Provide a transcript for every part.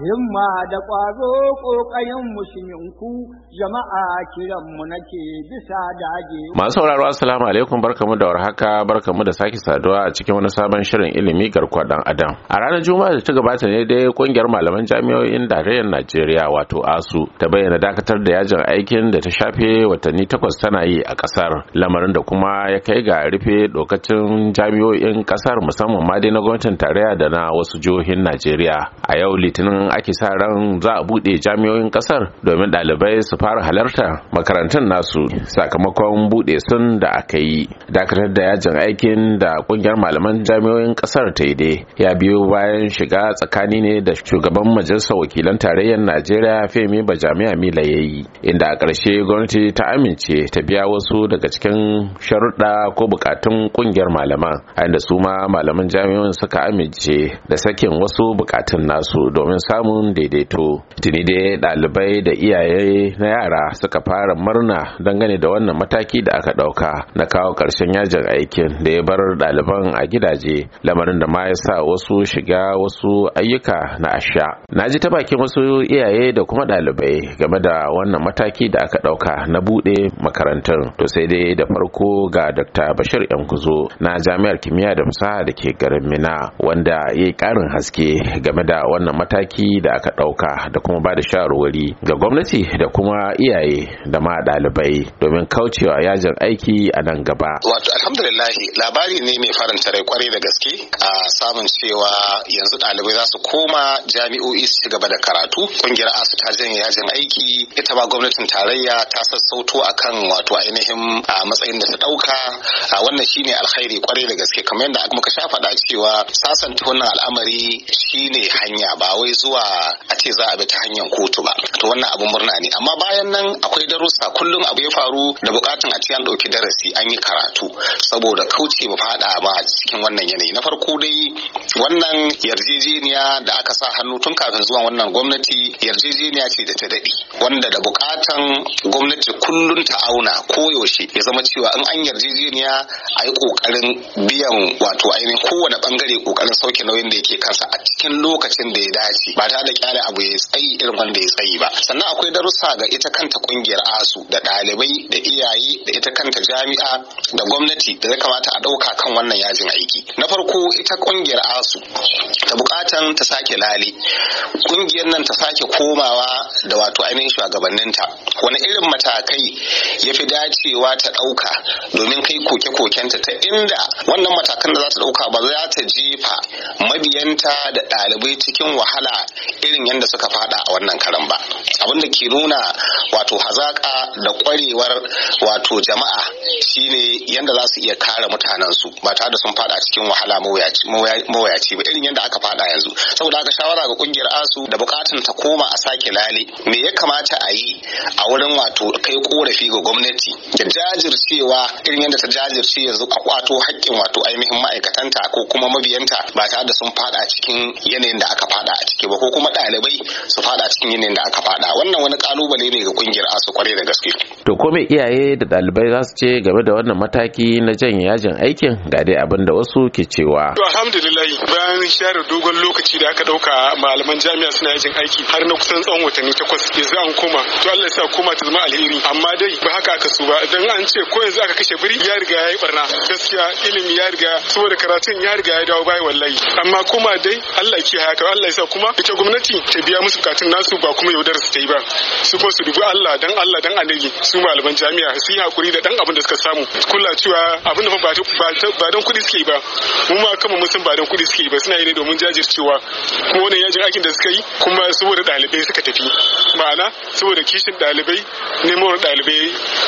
himma da ƙwazo ƙayan musulminku jama'a kiranmu nake bisa dage. Masu sauraro assalamu alaikum barkamu da warhaka barkamu da sake saduwa a cikin wani sabon shirin ilimi garkuwa dan adam. A ranar Juma'a da ta gabata ne dai ƙungiyar malaman jami'o'in tarayyar Najeriya wato ASU ta bayyana dakatar da yajin aikin da ta shafe watanni takwas tana yi a ƙasar lamarin da kuma ya kai ga rufe dokacin jami'o'in ƙasar musamman ma dai na gwamnatin tarayya da na wasu jihohin Najeriya. A yau Litinin ake sa ran za a buɗe jami'oyin ƙasar domin ɗalibai su fara halarta makarantun nasu sakamakon buɗe sun da aka yi dakatar da yajin aikin da ƙungiyar malaman jami'oyin kasar ta yi ya biyo bayan shiga tsakani ne da shugaban majalisar wakilan tarayyar najeriya femi bajami'a mila ya yi inda a ƙarshe gwamnati ta amince ta biya wasu daga cikin sharuɗa ko bukatun ƙungiyar malaman a inda su ma malaman jami'oyin suka amince da sakin wasu bukatun nasu domin sa samun daidaito tuni dai ɗalibai da iyaye na yara suka fara murna dangane da wannan mataki da aka ɗauka na kawo ƙarshen yajin aikin da ya bar ɗaliban a gidaje lamarin da ma ya sa wasu shiga wasu ayyuka na asha na ji ta bakin wasu iyaye da kuma ɗalibai game da wannan mataki da aka ɗauka na buɗe makarantun to sai dai da farko ga dr bashir yankuzo na jami'ar kimiyya da fasaha da ke garin mina wanda ya yi ƙarin haske game da wannan mataki da aka ɗauka da kuma ba da shawarwari ga gwamnati da kuma iyaye da ma dalibai domin kaucewa yajin aiki a nan gaba. Wato alhamdulillahi labari ne mai faranta rai kwarai da gaske a samun cewa yanzu ɗalibai za su koma jami'o'i su ci gaba da karatu. Kungiyar asu ta janye yajin aiki ita ma gwamnatin tarayya ta sassauto a kan wato ainihin a matsayin da ta ɗauka a wannan shine alkhairi kwarai da gaske kamar yadda muka sha faɗa cewa sasanta wannan al'amari shine hanya ba wai zuwa zuwa a ce za a bi ta hanyar kotu ba to wannan abu murna ne amma bayan nan akwai darussa kullum abu ya faru da bukatun a ce an ɗauki darasi an yi karatu saboda kauce mu faɗa ba cikin wannan yanayi na farko dai wannan yarjejeniya da aka sa hannu tun kafin zuwa wannan gwamnati yarjejeniya ce da ta daɗe wanda da bukatan gwamnati kullum ta auna koyaushe ya zama cewa in an yarjejeniya a yi ƙoƙarin biyan wato ainihin kowane bangare kokarin sauke nauyin da yake kansa a cikin lokacin da ya dace ba ta da kyale abu ya tsayi irin wanda ya tsayi ba sannan akwai darussa ga ita kanta kungiyar asu da ɗalibai da iyaye da ita kanta jami'a da gwamnati da ya kamata a ɗauka kan wannan yajin aiki na farko ita kungiyar asu ta bukatan ta sake lale kungiyar nan ta sake komawa da wato ainihin shugabanninta wani irin matakai ya fi dacewa ta ɗauka domin kai koke-kokenta ta inda wannan matakan da za ta ɗauka ba za ta jefa mabiyanta da ɗalibai cikin wahala irin yadda suka fada a wannan karan ba abin da ke nuna wato hazaka da kwarewar wato jama'a shine yadda za su iya kare mutanensu ba tare da sun fada cikin wahala mawuyaci ba irin yadda aka fada yanzu saboda aka shawara ga kungiyar asu da bukatun ta koma a sake lale me ya kamata a yi a wurin wato kai korafi ga gwamnati da jajircewa irin yadda ta jajirce yanzu a kwato haƙƙin wato ainihin ma'aikatanta ko kuma mabiyanta ba tare da sun fada cikin yanayin da aka fada a ciki ba ko kuma ɗalibai su fada cikin yanayin da aka fada wannan wani kalubale ne ga kungiyar asu kware da gaske to ko me iyaye da ɗalibai za su ce game da wannan mataki na janye yajin aikin ga dai abin da wasu ke cewa to alhamdulillah bayan share dogon lokaci da aka dauka malaman jami'a suna yajin aiki har na kusan tsawon watanni takwas za an koma to Allah ya sa koma ta zama alheri amma dai ba haka aka su ba dan an ce ko yanzu aka kashe biri ya riga ya yi barna gaskiya ilimi ya riga saboda karatun ya riga ya dawo bai wallahi amma kuma dai Allah kiyaye ka Allah ya sa kuma ita gwamnati ta biya musu bukatun nasu ba kuma yaudar su ta yi ba su kuma su dubi Allah dan Allah dan annabi su malaman jami'a su yi hakuri da dan abin da suka samu kula cewa abin da ba ba dan kuɗi suke ba mu ma kama mun san ba dan kuɗi suke ba suna yi ne domin jajircewa kuma wannan yajin aikin da suka yi kuma saboda ɗalibai suka tafi ma'ana saboda kishin ɗalibai neman ɗalibai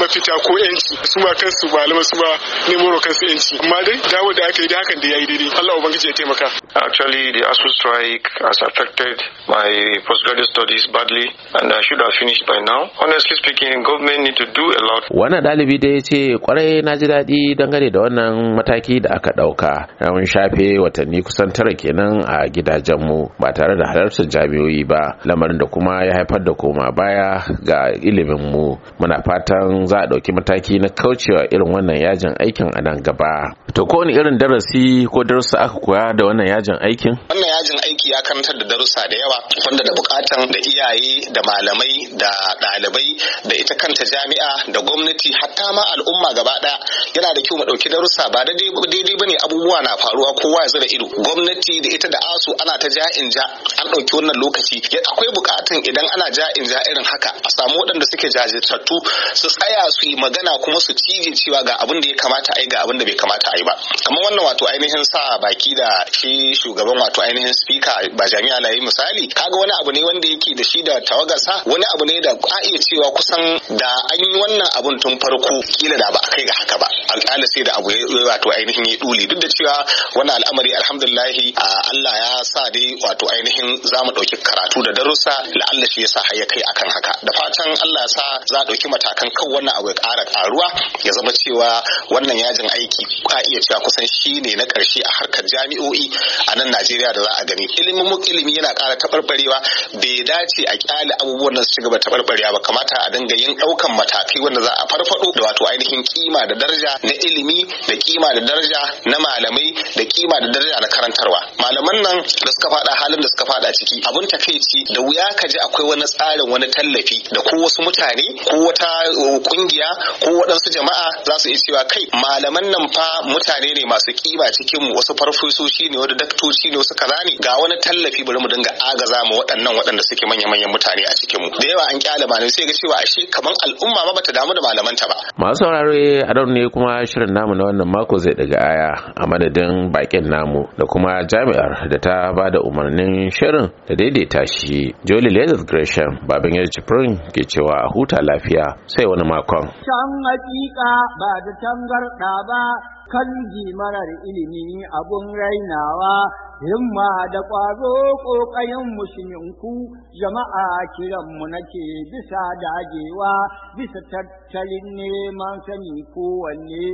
mafita ko yanci su ma kansu malaman su ma neman kansu yanci amma dai dawo da aka yi da hakan da ya yi daidai Allah ubangiji ya taimaka actually the asus strike has affected enjoyed my postgraduate studies badly and I should have finished by now. Honestly speaking, government need to do a lot. Wannan ɗalibi da ya ce kwarai na ji daɗi dangane da wannan mataki da aka ɗauka. Mun shafe watanni kusan tara kenan a gidajenmu ba tare da halartar jami'o'i ba lamarin da kuma ya haifar da koma baya ga ilimin mu. Muna fatan za a ɗauki mataki na kaucewa irin wannan yajin aikin a nan gaba. To kowane irin darasi ko darussa aka koya da wannan yajin aikin? Wannan yajin aiki ya karantar da darussa darussa da yawa wanda da bukatan da iyaye da malamai da ɗalibai da ita kanta jami'a da gwamnati har hatta ma al'umma gaba ɗaya yana da kyau mu ɗauki darussa ba da daidai ba ne abubuwa na faruwa kowa ya da ido gwamnati da ita da asu ana ta ja in ja an ɗauki wannan lokaci akwai bukatun idan ana ja in ja irin haka a samu waɗanda suke jajirtattu su tsaya su yi magana kuma su cije cewa ga abin da ya kamata a yi ga abin da bai kamata a yi ba kamar wannan wato ainihin sa baki da shi shugaban wato ainihin speaker ba jami'a na yi misali kaga wani abu ne wanda yake da shi da tawagarsa wani abu ne da a iya cewa kusan da an yi wannan abun tun farko uku kila da ba a kai ga haka ba alƙali sai da abu ya wato ainihin ya duli duk da cewa wannan al'amari alhamdulillahi Allah ya sa dai wato ainihin za mu ɗauki karatu da darussa la'alla shi ya sa har ya kai akan haka da fatan Allah ya sa za a ɗauki matakan kan wannan abu ya ƙara ƙaruwa ya zama cewa wannan yajin aiki a iya cewa kusan shi ne na ƙarshe a harkar jami'o'i a nan Najeriya da za a gani ilimin ilimi yana ƙara taɓarɓarewa bai dace a ƙyale abubuwan nan su ci gaba taɓarɓarewa ba kamata a dinga yin ɗaukan matakai wanda za a farfaɗo da wato ainihin kima da daraja na ilimi da kima da daraja na malamai da kima da daraja na karantarwa malaman nan da suka fada halin da suka fada ciki abun tafeci da wuya ka ji akwai wani tsarin wani tallafi da ko wasu mutane ko wata uh, kungiya ko waɗansu jama'a za su iya cewa kai malaman nan fa mutane ne masu kima cikin mu wasu farfesoshi ne wani daktoci ne wasu kaza ne ga wani tallafi bari mu dinga agaza mu waɗannan waɗanda suke manya-manyan mutane a cikin mu da yawa an kyale malamai sai ga cewa ashe kamar al'umma ma bata damu da malamanta ba masu saurare a ne kuma shirin namu na wannan mako zai daga aya a madadin bakin namu da kuma jami'ar da ta ba da umarnin shirin da daidaita shi jolie lezard gresham babin yar cifirin ke cewa a huta lafiya sai wani makon can hakika ba da tangarda ba kan marar ilimi abun rainawa himma da ƙwazo ƙoƙayen musulminku jama'a kiranmu nake bisa dagewa bisa tattalin neman sani kowanne.